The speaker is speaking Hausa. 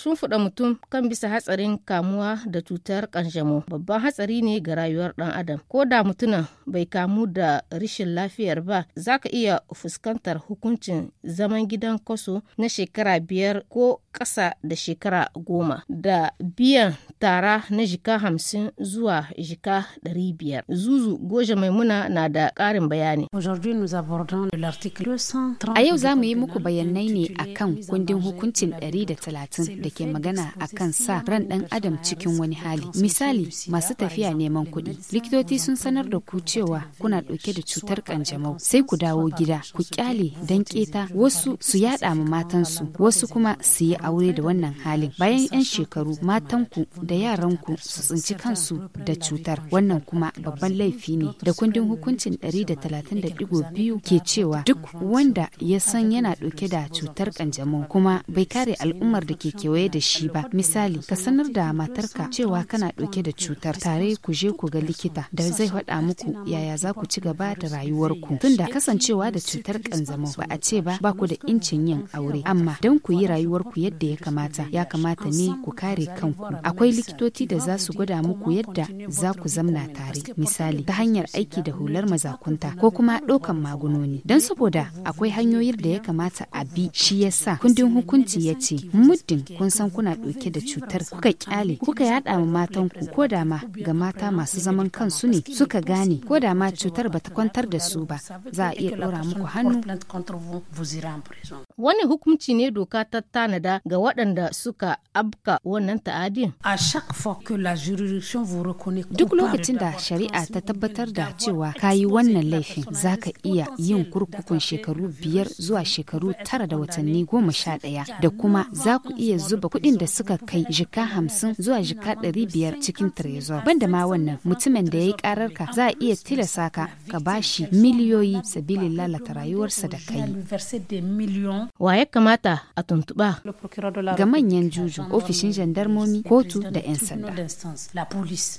sun fuda mutum kan bisa hatsarin kamuwa da cutar kanjamo babban hatsari ne ga rayuwar dan adam ko da mutumin bai kamu da rishin lafiyar ba za ka iya fuskantar hukuncin zaman gidan kwaso na shekara biyar ko kasa da shekara goma da biyan tara na jika hamsin zuwa jika ɗari biyar. Zuzu Goja Maimuna na da ƙarin bayani. A yau za mu yi muku bayanai ne a kan kundin hukuncin ɗari da talatin da ke magana a kan sa ran ɗan adam cikin wani hali. Misali masu tafiya neman kuɗi. Likitoci sun sanar da ku cewa kuna ɗauke da cutar kanjamau sai ku dawo gida ku ƙyale dan keta wasu su yaɗa ma matansu wasu kuma su yi aure da wannan halin bayan 'yan shekaru matanku da yaranku su tsinci kansu da cutar wannan kuma babban laifi ne da kundin hukuncin 130.2 ke cewa duk wanda ya san yana dauke da cutar kanjamau kuma bai kare al'ummar da ke kewaye da shi ba misali ka sanar da matarka cewa kana ɗauke da cutar tare ku je ku ga likita da zai faɗa muku yaya za ku ci gaba da rayuwarku tunda kasancewa da cutar kanjamau ba a ce ba ba ku da incin yin aure amma don ku yi rayuwarku yadda ya kamata ya kamata ne ku kare kanku akwai likitoci da za su gwada muku yadda za ku zamna tare misali ta hanyar aiki da hular mazakunta ko kuma ɗaukan magunoni don saboda akwai hanyoyin da ya kamata a bi shi yasa kundin hukunci ya ce muddin kun san kuna ɗauke da cutar kuka kyale kuka yaɗa ma ku ko da ma ga mata masu zaman kansu ne suka gane ko da ma cutar bata kwantar da su ba za a iya ɗora muku hannu wani hukunci ne doka ta tanada ga waɗanda suka abka wannan ta'adin duk lokacin da shari'a ta tabbatar da cewa ka yi wannan laifin za ka iya yin kurkukun shekaru biyar zuwa shekaru tara da watanni goma sha ɗaya da kuma za ku iya zuba kuɗin da suka kai jika hamsin zuwa jika ɗari biyar cikin trezor banda ma wannan mutumin da ya yi karar ka za a iya tilasa ka ka bashi miliyoyi sabilin lalata rayuwarsa da kai wa ya kamata a tuntuɓa ga manyan juju ofishin jandarmomi kotu da 'yan sanda